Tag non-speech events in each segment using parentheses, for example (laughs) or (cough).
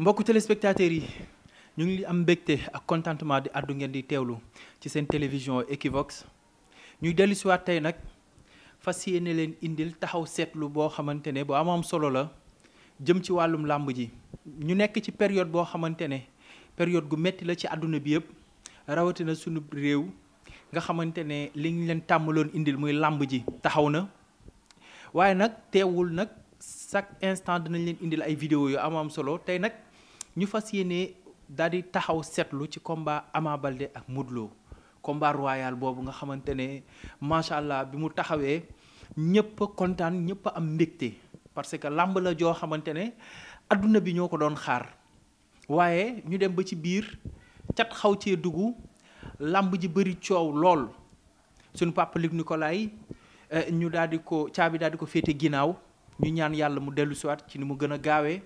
mbokku téléspectateurs yi ñu ngi am mbégte ak contentement di àddu ngeen di teewlu ci seen télévision Equivox ñuy dellu si tey nag fas yéene leen indil taxaw seetlu boo xamante ne bu amoon solo la jëm ci wàllum làmb ji. ñu nekk ci période boo xamante ne période gu métti la ci àdduna bi yëpp rawatina sunu réew nga xamante ne liñ leen tàmmaloon indil muy làmb ji taxaw na waaye nag teewul nag chaque instant dinañ leen indil ay video yu am am solo tey nag. ñu fas yéene daal di taxaw seetlu ci combat Ama Baldé ak Modou Lo royal boobu nga xamante ne macha allah bi mu taxawee ñëpp kontaan ñëpp am mbégte parce que làmb la joo xamante ne adduna bi ñoo ko doon xaar waaye ñu dem ba ci biir cat xaw cee dugg làmb ji bëri coow lool sunu suñu papa Luc Nicolaï eh, ñu daal di ko caabi daal di ko féete ginnaaw ñu ñaan yàlla mu dellu siwaat ci ni mu gën a gaawee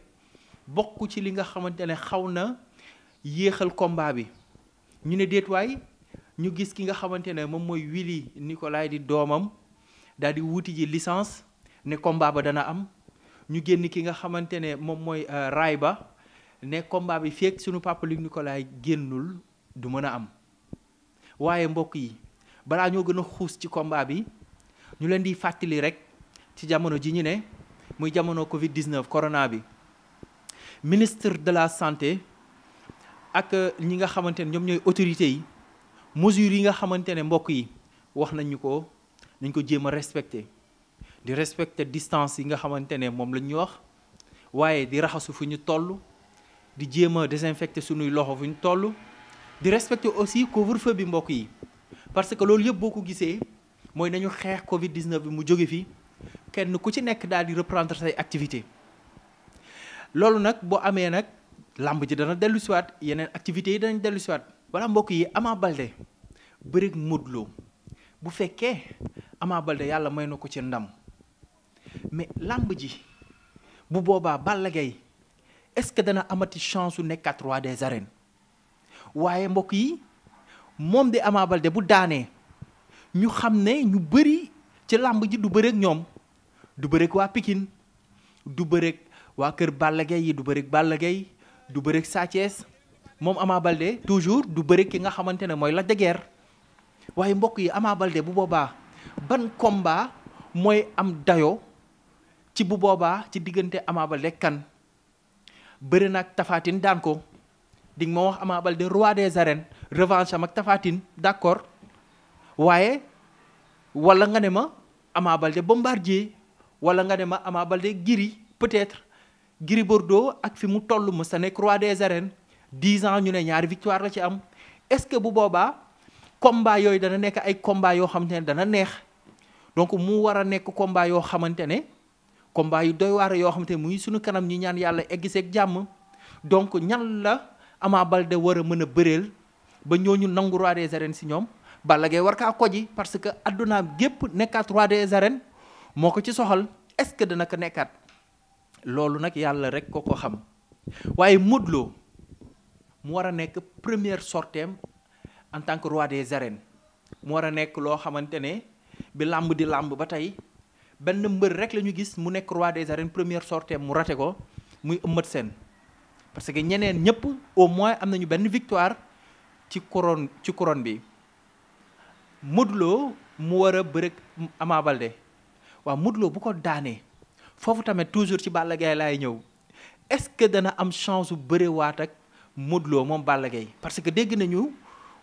bokk ci li nga xamante ne xaw na yéexal komba bi ñu ne déet ñu gis ki nga xamante ne moom mooy Willy Nicolai di doomam daal di wuuti ji licence ne combat ba dana am ñu génn ki nga xamante ne moom mooy euh, raay ba ne combat bi feeg suñu papa Luc Nicolai génnul du mën a am waaye mbokk yi balaa ñoo gën a xuus ci combat bi ñu leen di fàttali rek ci jamono ji ñu ne muy jamono Covid 19 corona bi. ministre de la santé ak ñi nga xamante ne ñoom ñooy autorités yi mesures yi nga xamante ne mbokk yi wax nañu ko nañ ko jéem a respecté di respecté distance yi nga xamante ne moom lañ ñu wax waaye di raxasu fu ñu toll di jéem a désinfecté suñuy loxo fu ñu toll di respecté aussi couvre-feu bi mbokk yi parce que loolu yëpp boo ko gisee mooy nañu xeex Covid 19 bi mu jóge fi kenn ku ci nekk daal di reprendre say activité loolu nag boo amee nag làmb ji dana dellu siwaat yeneen activités yi danañ dellu siwaat wala mbokk yi Ama Balde bëreeg bu fekkee Ama yàlla may na ko ci ndam mais làmb ji bu boobaa Balla Gaye est-ce que dana amati chance su nekkaat roi des arènes waaye mbokk yi moom de Ama bu daanee ñu xam ne ñu bëri ci làmb ji du bëreeg ñoom du bëreeg waa Pikine du bëreeg waa kër Balla Gaye yi du bëri Balla du bëri Sa moom Ama Baldé toujours du bëri ki nga xamante ne mooy la de waaye mbokk yi Ama Baldé bu boobaa ban komba mooy am dayo ci bu boobaa ci diggante Ama Baldé kan bëri nag Tafatine daan ko di nga ma wax Ama Baldé roi des arènes revanche am ak waaye wala nga ne ma Ama Baldé bombardier wala nga ne ma Ama Baldé giri peut-être Gris Bordeaux ak fi mu tollu ma sa nekk roi des arènes dix ans ñu ne ñaari victoire la ci am est-ce que bu boobaa combat yooyu dana nekk ay combat yoo xamante ne dana neex donc mu war a nekk combat yoo xamante ne combat yu doy waar yoo xamante ne muy suñu kanam ñu ñaan yàlla eggiseeg jàmm donc ñan la Ama Baldé war a mën a bëreel ba ñooñu nangu roi des arènes si ñoom Balla gay war kaa koji parce que addunaam gépp nekkaat roi des arènes moo ko ci soxal est-ce que dana ko nekkaat loolu nag yàlla rek ko ko xam waaye Modou mu war a nekk première sorteem en tant que roi des arènes mu war a nekk loo xamante ne bi làmb di làmb ba tey benn mbër rek lañu gis mu nekk roi des arènes première sorteem mu rate ko muy ëmmat seen parce que ñeneen ñëpp au moins am nañu benn victoire ci couronne ci couronne bi Modou mu war a bëre Ama Baldé waaw Modou bu ko daanee. foofu tamit toujours ci Balla Gaye laay ñëw est-ce que dana am chance bu bëre waat ak Modou moom Balla Gaye parce que dégg nañu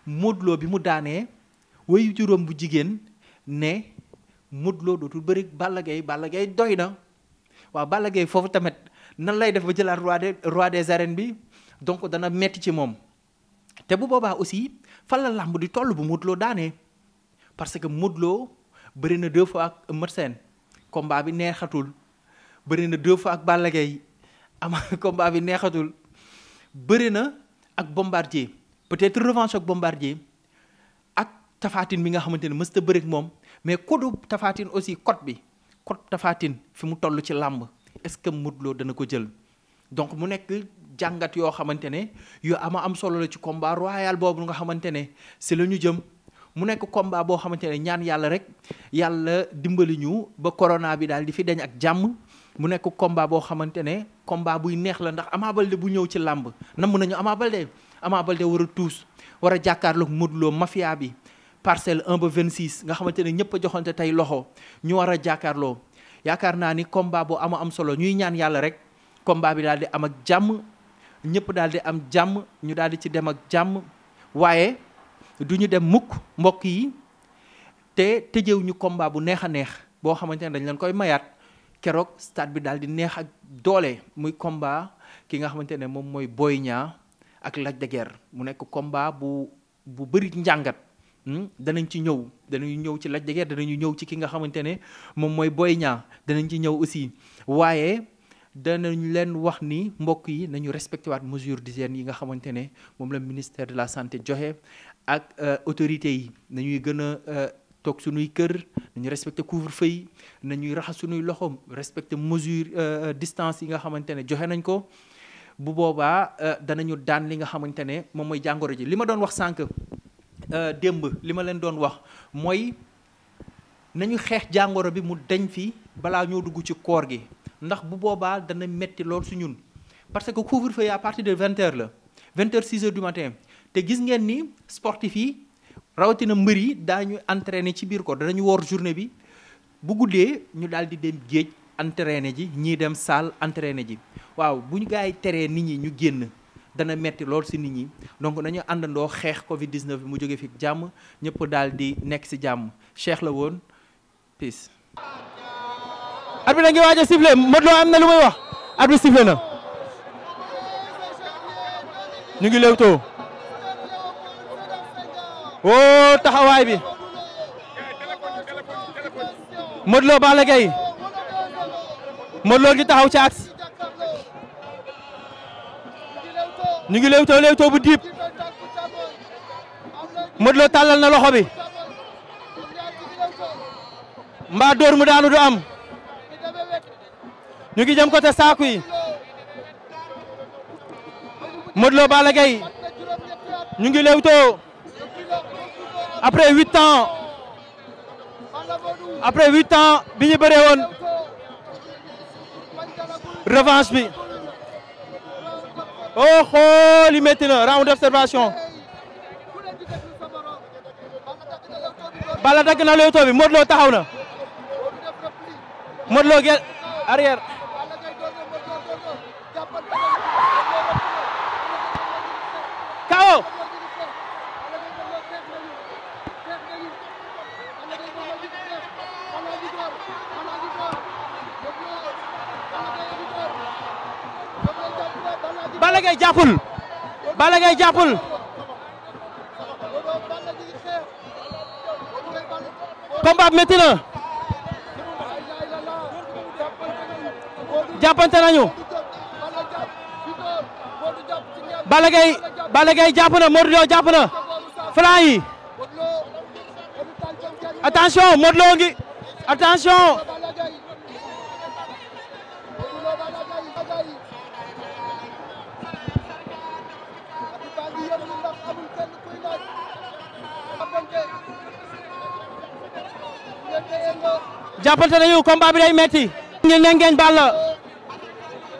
Modou bi mu daanee wayu juróom bu jigéen ne Modou Lo dootul bëri Balla Gaye Balla Gaye doy na waaw Balla Gaye foofu tamit nan lay def ba jëlaat roi des roi des arènes bi donc dana metti ci moom te bu boobaa aussi fan la làmb di toll bu mutloo Lo daanee parce que Modou Lo bëri na deux fois ak Eumeu Sène combat bi neexatul bëri na deux fois ak Balla Gaye ama (laughs) bi neexatul bëri na ak Bombardier peut-être revanche ak Bombardier ak tafaatin bi nga xamante ne mësta bëri ak moom mais kodu Tafatine aussi cote bi cote tafaatin fi mu toll ci làmb est-ce que Modou dana ko jël donc mu nekk jàngat yoo xamante ne yu ama am solo la ci combat royal boobu nga xamante ne si la ñu jëm mu nekk combat boo xamante ne ñaan yàlla rek yàlla dimbali ñu ba corona bi daal di fi deñ ak jàmm mu nekk combat boo xamante ne combat buy neex la ndax Ama Baldé bu ñëw ci làmb namm nañu amaa Baldé Ama Baldé war tuus war a jàkkaarloog Modou Lo mafia bi parcelle 1 ba 26 nga xamante ne ñëpp a joxante tey loxo ñu war a jàkkaarloo yaakaar naa ni combat bu ama am solo ñuy ñaan yàlla rek combat bi daal di am ak jàmm ñëpp daal di am jàmm ñu daal di ci dem ak jàmm waaye du ñu dem mukk mbokk yi te tëjëw ñu combat bu neex a neex boo xamante ne dañ leen koy mayaat keroog stade bi daal di neex ak doole muy combat ki nga xamante ne moom mooy Boy ñaa ak Lac de Guiers mu nekk combat bu bu bëri njàngat hmm? danañ ci ñëw danañu ñëw ci Lac de Guiers ñëw ci ki nga xamante ne moom mooy Boy Niang danañ ci ñëw aussi waaye danañ leen wax ni mbokk yi nañu respecté waat mesure d'hygiène yi nga xamante ne moom la ministère de la santé joxe ak euh, autorités yi nañuy gën a euh, toog sunuy kër nañu respecté couvre-feu yi nañuy raxas suñuy loxo respecté mesure euh, euh, distance yi nga xamante ne joxe nañ ko bu boobaa euh, danañu daan li nga xamante ne moom mooy jàngoro ji li ma doon wax sànq démb li ma leen doon wax mooy nañu xeex jàngoro bi mu deñ fi balaa ñoo dugg ci koor gi ndax bu boobaa dana metti lool su ñun parce que couvre-feu yi à partir de vingt la vingt heures six heures du matin te gis ngeen ni sportif yi rawatina mbër yi daañu entraîner ci biir ko danañu woor journée bi bu guddee ñu daal di dem géej entraîner ji ñii dem salle entraîner ji waaw bu ñu gars yi teree nit ñi ñu génn dana metti lool si nit ñi donc nañu àndandoo xeex Covid 19 bi mu jóge fi jàmm ñëpp daal di nekk ci jàmm Cheikh la woon peace. at ngi waaj a sifflé Modou Lo am na lu muy wax at bi sifflé na ñu ngi léewtoo oh taxawaay bi Modou Lo Balla Gaye Modou Lo taxaw ci axe ñu ngi léewtoo léewtoo bu diib Modou Lo tàllal na loxo bi mbaa dóor mu daanu du am ñu ngi jëm côté saaku yi Modou Lo Balla Gaye ñu ngi léewtoo après huit ans après huit ans bi ñu bëree woon revanche bi oh xooli oh, métti na round d'observation bala dagg na leewtoo bi Modou taxaw na Modou gel arrière Balla Gaye jàppul Balla Gaye jàppul combat bi métti na jàppante nañu Balla Gaye Balla Gaye jàpp na Modou Lo jàpp na flan yi ngi attention jàppante nañu combat bi day metti ngi ne ngeen bal la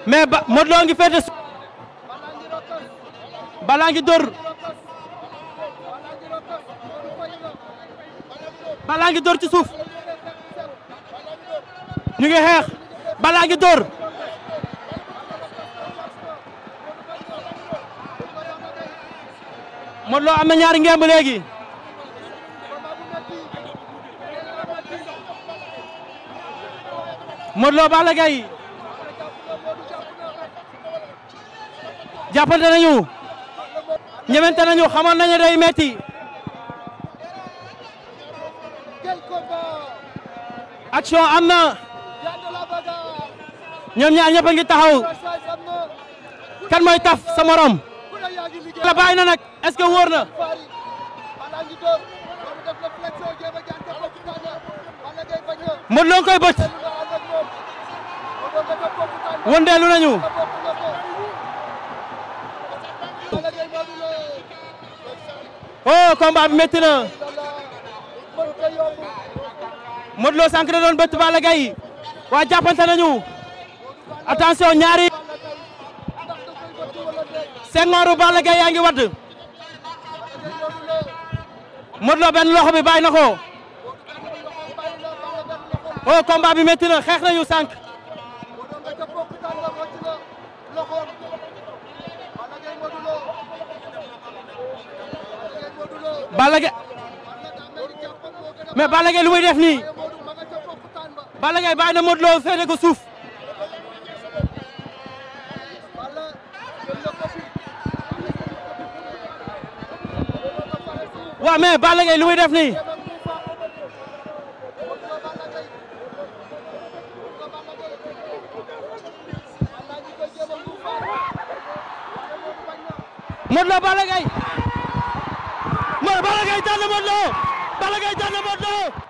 mais ba Modou Lo ngi balaa ngi dër balaa ngi dóor ci suuf ñu ngi xeex balaa ngi dóor Modou Lo am na ñaari ngemb léegi Modou Lo Balla Gaye jàppante nañu ñemente nañu xamoon nañu day metti action am na ñoom ñaar ñëpp a ngi taxaw kan mooy taf sa morom la que wóor na Modou koy bët wëndeelu nañu oh combat bi métti na Modou Lo sànq da doon bëtt Balla Gaye waa jàppante nañu attention ñaari sengooru Balla Gaye yaa ngi wadd Modou Lo benn loxo bi bàyyi na ko oh combat bi métti na xeex nañu sànq loxoom Balla Gaye Modou Balla Gaye mais Balla lu muy def nii Balla Gaye bàyyi na Modou Lo féete ko suuf waaw mais Balla Gaye lu muy def nii Modou Lo Balla Gaye Modou Balla Gaye daan na Modou Lo Balla Gaye daan na Modou Lo